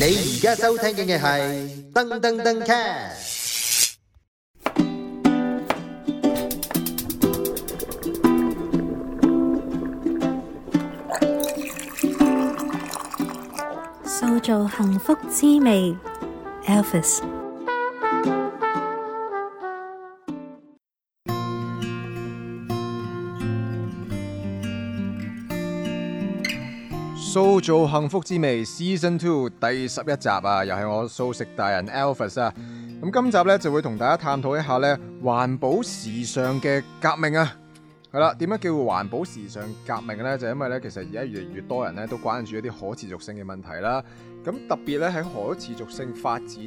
你而家收聽嘅係燈登登 cast，塑造幸福滋味，Elvis。都做幸福之味》Season Two 第十一集啊，又係我素食大人 Alfred 啊。咁今集呢，就會同大家探討一下呢，環保時尚嘅革命啊。係啦，點解叫環保時尚革命呢？就是，因為呢，其實而家越嚟越多人呢，都關注一啲可持續性嘅問題啦。咁特別呢，喺可持續性發展，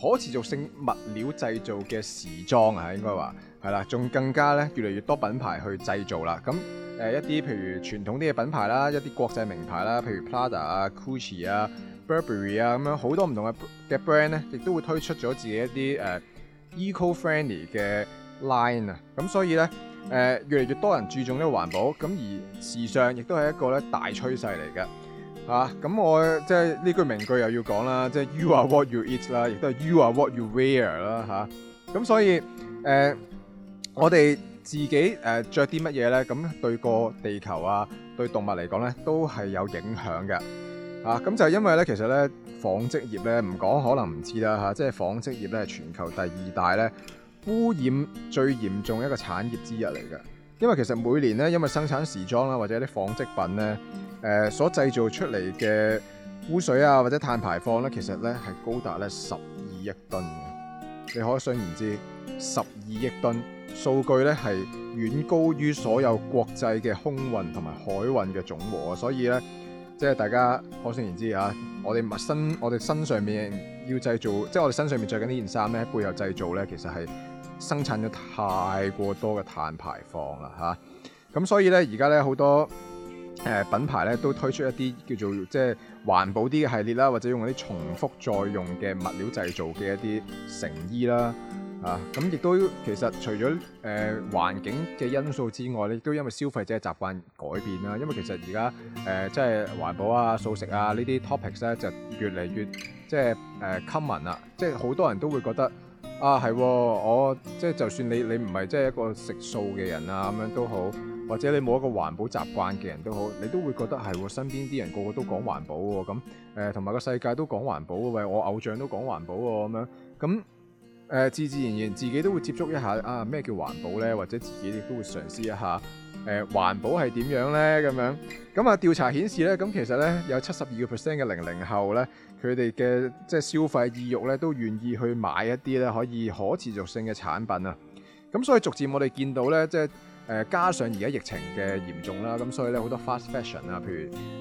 可持續性物料製造嘅時裝啊，應該話係啦，仲更加呢，越嚟越多品牌去製造啦。咁誒、呃，一啲譬如傳統啲嘅品牌啦，一啲國際名牌啦，譬如 Prada 啊、Gucci 啊、Burberry 啊，咁樣好多唔同嘅嘅 brand 咧，亦都會推出咗自己一啲誒、呃、eco-friendly 嘅 line 啊，咁所以咧，誒、呃、越嚟越多人注重呢個環保，咁而時尚亦都係一個咧大趨勢嚟嘅，吓、啊，咁我即係呢句名句又要講啦，即係 You are what you eat 啦，亦都係 You are what you wear 啦，吓、啊，咁所以誒、呃、我哋。自己誒著啲乜嘢呢？咁對個地球啊，對動物嚟講呢，都係有影響嘅。啊，咁就係、因為呢，其實呢，紡織業呢，唔講可能唔知啦嚇，即、啊、係、就係、紡織業呢，係全球第二大呢，污染最嚴重的一個產業之一嚟嘅。因為其實每年呢，因為生產時裝啦或者啲紡織品呢，誒、呃、所製造出嚟嘅污水啊或者碳排放呢，其實呢，係高達呢十二億噸嘅。你可想而知，十二億噸。數據咧係遠高於所有國際嘅空運同埋海運嘅總和啊！所以咧，即係大家可想而知啊！我哋身我哋身上面要製造，即係我哋身上面着緊呢件衫咧，背後製造咧，其實係生產咗太過多嘅碳排放啦嚇！咁所以咧，而家咧好多誒品牌咧都推出一啲叫做即係環保啲嘅系列啦，或者用啲重複再用嘅物料製造嘅一啲成衣啦。啊，咁亦都其實除咗誒環境嘅因素之外咧，亦都因為消費者嘅習慣改變啦、啊。因為其實而家誒即係環保啊、素食啊呢啲 topic 咧、啊，就越嚟越即係誒 common 啦。即係好多人都會覺得啊，係、哦、我即係、即係、就算你你唔係即係一個食素嘅人啊咁樣都好，或者你冇一個環保習慣嘅人都好，你都會覺得係喎、哦，身邊啲人個個都講環保喎咁誒，同、嗯、埋、呃、個世界都講環保喎，喂，我偶像都講環保喎、哦、咁樣咁。誒，自自然然自己都會接觸一下啊，咩叫環保呢？或者自己亦都會嘗試一下誒，環、呃、保係點樣呢？咁樣咁啊，調查顯示呢，咁其實呢，有七十二個 percent 嘅零零後呢，佢哋嘅即係消費意欲呢，都願意去買一啲呢可以可持續性嘅產品啊。咁所以逐漸我哋見到呢，即係誒、呃、加上而家疫情嘅嚴重啦，咁所以呢，好多 fast fashion、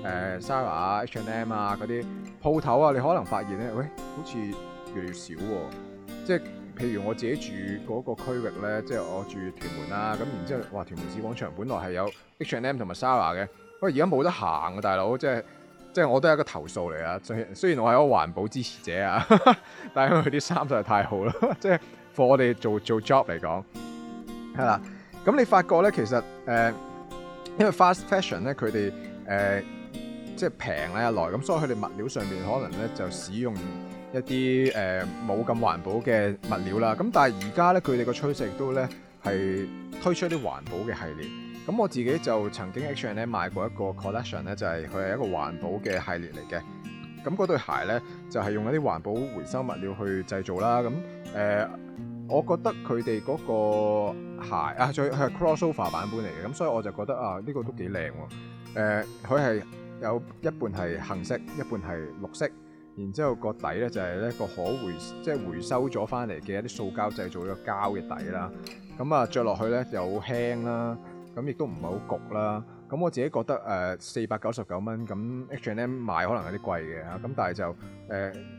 呃 Sarah, M、啊，譬如誒 Sarah H&M 啊嗰啲鋪頭啊，你可能發現呢，喂、哎，好似越嚟越少喎、啊。即係譬如我自己住嗰個區域咧，即係我住屯門啦，咁然之後哇，屯門市廣場本來係有 H and M 同埋 Sarah 嘅，不過而家冇得行啊，大佬！即係即係我都係一個投訴嚟啊，雖然我係一個環保支持者啊，但係佢啲衫實在太好啦！即係 for 我哋做做 job 嚟講係啦，咁你發覺咧其實、呃、因為 fast fashion 咧，佢哋即係平啊來咁，所以佢哋物料上面可能咧就使用一啲誒冇咁環保嘅物料啦，咁但係而家咧佢哋個趨勢亦都咧係推出一啲環保嘅系列。咁我自己就曾經、H&A 咧買過一個 collection 咧，就係佢係一個環保嘅系列嚟嘅。咁嗰對鞋咧就係、是、用一啲環保回收物料去製造啦。咁、呃、我覺得佢哋嗰個鞋啊，最佢係 cross over 版本嚟嘅。咁所以我就覺得啊，呢、這個都幾靚喎。佢、呃、係有一半係杏色，一半係綠色。然之後個底咧就係咧個可回即係回收咗翻嚟嘅一啲塑膠製造嘅膠嘅底啦。咁啊著落去咧又好輕啦，咁亦都唔係好焗啦。咁我自己覺得誒四百九十九蚊咁，H&M 賣可能有啲貴嘅吓，咁但係就誒，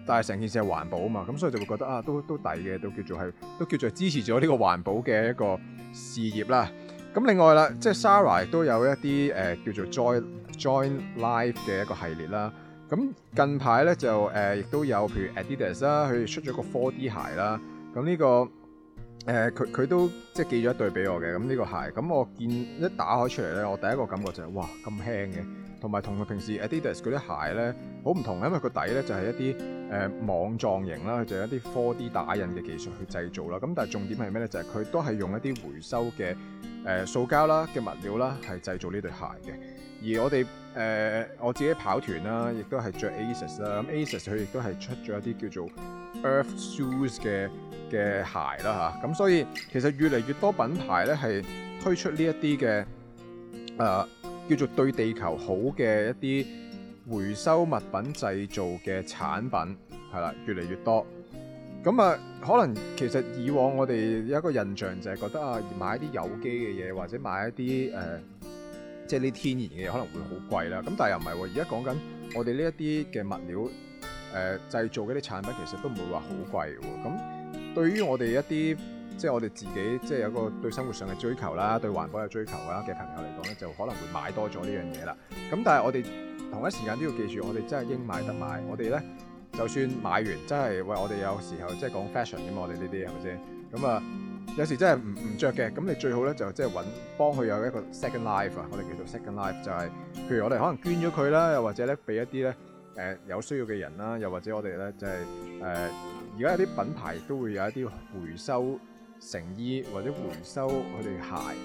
但係成件事係環保啊嘛，咁所以就會覺得啊都都抵嘅，都叫做係都叫做支持咗呢個環保嘅一個事業啦。咁另外啦，即係 Zara 亦都有一啲誒叫做 Join Join Life 嘅一個系列啦。咁近排咧就亦、呃、都有，譬如 Adidas 啦，佢出咗個 4D 鞋啦。咁呢、個佢佢、呃、都即係寄咗一對俾我嘅。咁呢個鞋，咁我見一打開出嚟咧，我第一個感覺就係、是、哇咁輕嘅，同埋同平時 Adidas 嗰啲鞋咧好唔同，因為個底咧就係一啲誒、呃、網狀型啦，就係一啲 4D 打印嘅技術去製造啦。咁但係重點係咩咧？就係、是、佢都係用一啲回收嘅、呃、塑膠啦嘅物料啦，係製造呢對鞋嘅。而我哋。誒、呃、我自己跑團啦，亦都係着 Asics 啦。咁 Asics 佢亦都係出咗一啲叫做 Earth Shoes 嘅嘅鞋啦，嚇。咁所以其實越嚟越多品牌咧係推出呢一啲嘅誒叫做對地球好嘅一啲回收物品製造嘅產品，係啦，越嚟越多。咁啊，可能其實以往我哋有一個印象就係覺得啊，買一啲有機嘅嘢，或者買一啲誒。呃即係呢天然嘅嘢可能會好貴啦，咁但係又唔係喎。而家講緊我哋呢一啲嘅物料，誒、呃、製造嗰啲產品其實都唔會話好貴喎。咁對於我哋一啲即係我哋自己，即係有個對生活上嘅追求啦，對環保有追求啦嘅朋友嚟講咧，就可能會買多咗呢樣嘢啦。咁但係我哋同一時間都要記住，我哋真係應買得買。我哋咧就算買完，真係喂，我哋有時候即係講 fashion 咁，我哋呢啲係咪先？咁啊。有時真係唔唔著嘅，咁你最好咧就即係揾幫佢有一個 second life 啊！我哋叫做 second life，就係譬如我哋可能捐咗佢啦，又或者咧俾一啲咧、呃、有需要嘅人啦，又或者我哋咧就係呃而家有啲品牌都會有一啲回收成衣或者回收佢哋鞋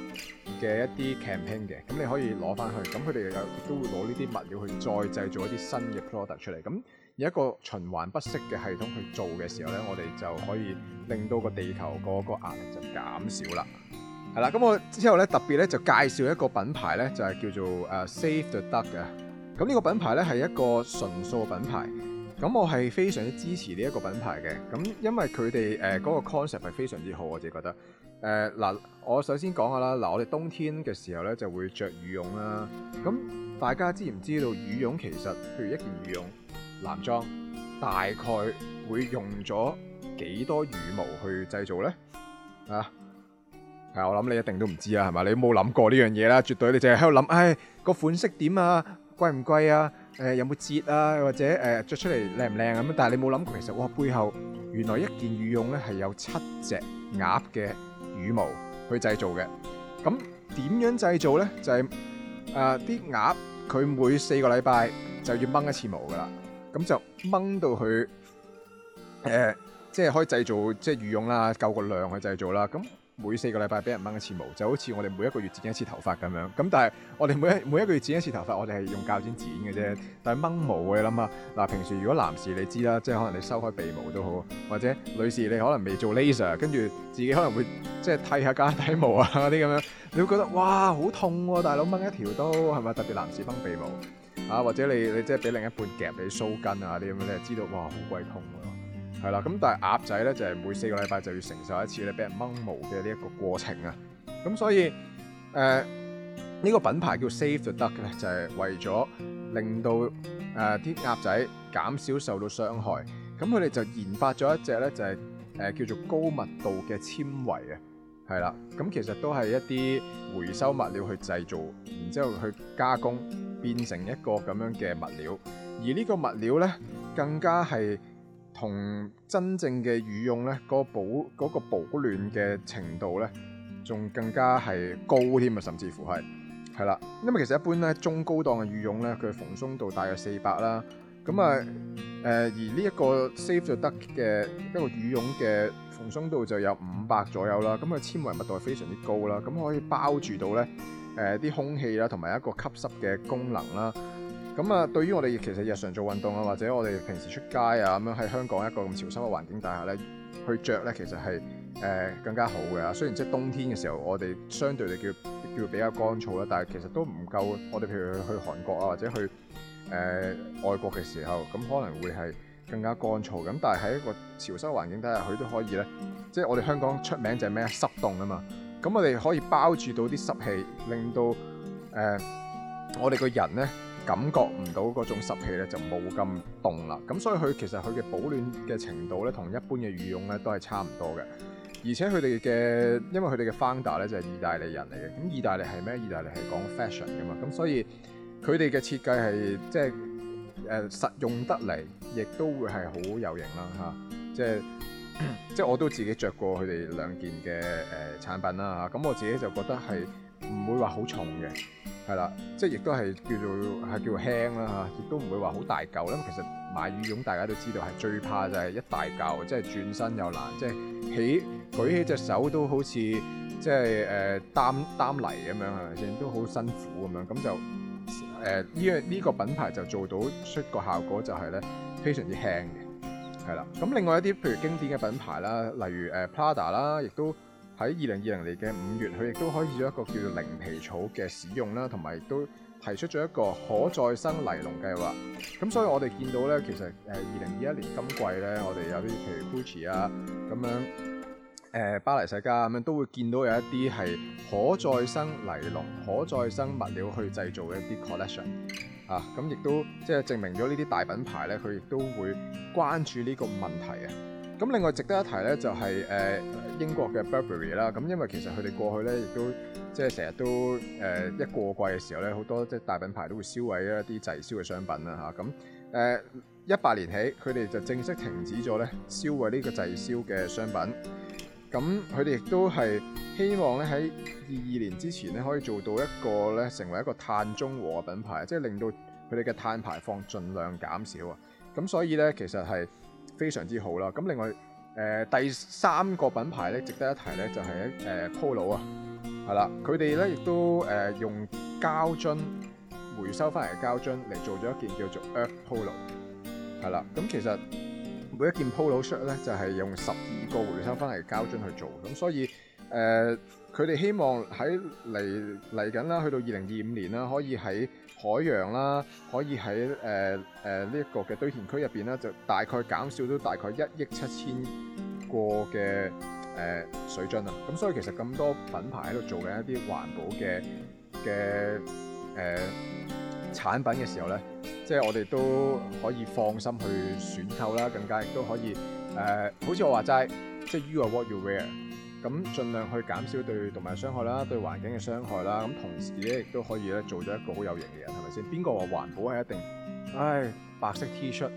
嘅一啲 campaign 嘅，咁你可以攞翻去，咁佢哋又亦都會攞呢啲物料去再製造一啲新嘅 product 出嚟，咁有一個循環不息嘅系統去做嘅時候咧，我哋就可以令到個地球嗰個壓力就減少啦。係啦，咁我之後咧特別咧就介紹一個品牌咧，就係、是、叫做誒、uh, Save the Duck 嘅，咁呢個品牌咧係一個純素嘅品牌。咁我係非常之支持呢一個品牌嘅，咁因為佢哋誒嗰個 concept 係非常之好，我自己覺得，誒、呃、嗱，我首先講下啦，嗱我哋冬天嘅時候呢就會着羽絨啦，咁大家知唔知道羽絨其實譬如一件羽絨男裝，大概會用咗幾多羽毛去製造呢？啊，係我諗你一定都唔知啊，係咪？你冇諗過呢樣嘢啦，絕對你淨係喺度諗，唉、哎，個款式點啊？貴唔貴啊？誒、呃、有冇折啊？或者誒著、呃、出嚟靚唔靚咁？但係你冇諗過，其實哇背後原來一件羽絨咧係有七隻鴨嘅羽毛去製造嘅。咁點樣製造咧？就係誒啲鴨佢每四個禮拜就要掹一次毛噶啦，咁就掹到佢，誒、呃，即係可以製造即係羽絨啦，夠個量去製造啦咁。每四個禮拜俾人掹一次毛，就好似我哋每一個月剪一次頭髮咁樣。咁但係我哋每一每一個月剪一次頭髮，我哋係用鉸剪剪嘅啫。但係掹毛嘅，你諗下，嗱，平時如果男士你知啦，即係可能你收開鼻毛都好，或者女士你可能未做 laser，跟住自己可能會即係剃下加剃毛啊啲咁樣，你會覺得哇好痛喎、啊！大佬掹一條都係咪？特別男士掹鼻毛啊，或者你你即係俾另一半夾你鬚根啊啲咁樣，你係、啊、知道哇好鬼痛、啊。係啦，咁但係鴨仔咧就係、是、每四個禮拜就要承受一次咧俾人掹毛嘅呢一個過程啊，咁所以誒呢、呃這個品牌叫 Save The Duck 嘅，就係、是、為咗令到誒啲、呃、鴨仔減少受到傷害，咁佢哋就研發咗一隻咧就係、是、誒、呃、叫做高密度嘅纖維啊，係啦，咁其實都係一啲回收物料去製造，然之後去加工變成一個咁樣嘅物料，而呢個物料咧更加係。同真正嘅羽絨呢，個保嗰、個保暖嘅程度呢，仲更加係高添啊！甚至乎係係啦，因為其實一般呢，中高檔嘅羽絨呢，佢嘅蓬鬆度大約四百啦，咁啊誒而呢一個 Save The Duck 嘅一、呢個羽絨嘅蓬鬆度就有五百左右啦，咁啊佢纖維密度係非常之高啦，咁可以包住到呢誒啲、呃、空氣啦，同埋一個吸濕嘅功能啦。咁啊，對於我哋其實日常做運動啊，或者我哋平時出街啊，咁樣喺香港一個咁潮濕嘅環境底下咧，去着咧其實係、呃、更加好嘅。雖然即係冬天嘅時候，我哋相對嚟叫叫比較乾燥啦，但係其實都唔夠。我哋譬如去韓國啊，或者去、呃、外國嘅時候，咁、嗯、可能會係更加乾燥。咁、嗯、但係喺一個潮濕嘅環境底下，佢都可以咧，即係我哋香港出名就係咩濕凍啊嘛。咁我哋可以包住到啲濕氣，令到、呃、我哋個人咧。感覺唔到嗰種濕氣咧，就冇咁凍啦。咁所以佢其實佢嘅保暖嘅程度咧，同一般嘅羽絨咧都係差唔多嘅。而且佢哋嘅，因為佢哋嘅 founder 咧就係意大利人嚟嘅。咁意大利係咩？意大利係講 fashion 噶嘛。咁所以佢哋嘅設計係即係誒實用得嚟，亦都會係好有型啦嚇。即係即係我都自己着過佢哋兩件嘅誒、呃、產品啦。咁、啊、我自己就覺得係唔會話好重嘅。係啦，即係亦都係叫做係叫輕啦嚇，亦都唔會話好大嚿啦。其實買羽絨大家都知道係最怕就係一大嚿，即係轉身又難，即係起舉起隻手都好似即係誒擔擔泥咁樣係咪先？都好辛苦咁樣，咁就誒呢個呢個品牌就做到出個效果就係咧非常之輕嘅，係啦。咁另外一啲譬如經典嘅品牌啦，例如誒 Prada 啦，亦都。喺二零二零年嘅五月，佢亦都開始咗一個叫做零皮草嘅使用啦，同埋都提出咗一個可再生尼龍計劃。咁所以我哋見到咧，其實誒二零二一年今季咧，我哋有啲譬如 GUCCI 啊，咁樣誒巴黎世家咁樣都會見到有一啲係可再生尼龍、可再生物料去製造嘅一啲 collection 啊。咁亦都即係證明咗呢啲大品牌咧，佢亦都會關注呢個問題啊。咁另外值得一提咧，就係誒英國嘅 Burberry 啦。咁因為其實佢哋過去咧，亦都即係成日都誒一過季嘅時候咧，好多即係大品牌都會銷毀一啲滯銷嘅商品啦嚇。咁誒一八年起，佢哋就正式停止咗咧銷毀呢個滯銷嘅商品。咁佢哋亦都係希望咧喺二二年之前咧可以做到一個咧成為一個碳中和嘅品牌，即係令到佢哋嘅碳排放盡量減少啊。咁所以咧，其實係。非常之好啦！咁另外，誒、呃、第三個品牌咧，值得一提咧，就係誒 Polo 啊，係、呃、啦，佢哋咧亦都誒、呃、用膠樽回收翻嚟嘅膠樽嚟做咗一件叫做 Earth Polo，係啦，咁其實每一件 Polo shirt 咧就係、是、用十二個回收翻嚟嘅膠樽去做，咁所以誒佢哋希望喺嚟嚟緊啦，去到二零二五年啦，可以喺海洋啦，可以喺誒誒呢一個嘅堆填區入邊咧，就大概減少咗大概一億七千個嘅誒水樽啦。咁所以其實咁多品牌喺度做緊一啲環保嘅嘅誒產品嘅時候咧，即係我哋都可以放心去選購啦，更加亦都可以誒。好似我話齋，即係 You are what you wear。咁，盡量去減少對動物傷害啦，對環境嘅傷害啦。咁同時咧，亦都可以咧做咗一個好有型嘅人，係咪先？邊個話環保係一定？唉，白色 T 恤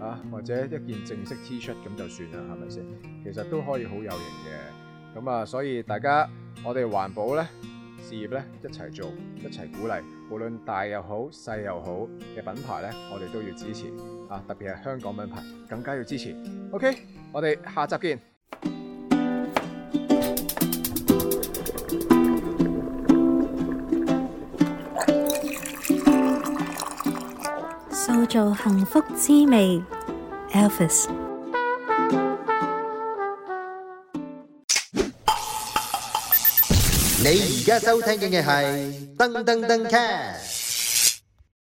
啊，或者一件正式 T 恤咁就算啦，係咪先？其實都可以好有型嘅。咁啊，所以大家我哋環保咧事業咧一齊做，一齊鼓勵，無論大又好細又好嘅品牌咧，我哋都要支持啊。特別係香港品牌更加要支持。OK，我哋下集見。造就幸福滋味，Elvis。你而家收聽嘅係噔噔噔 cast。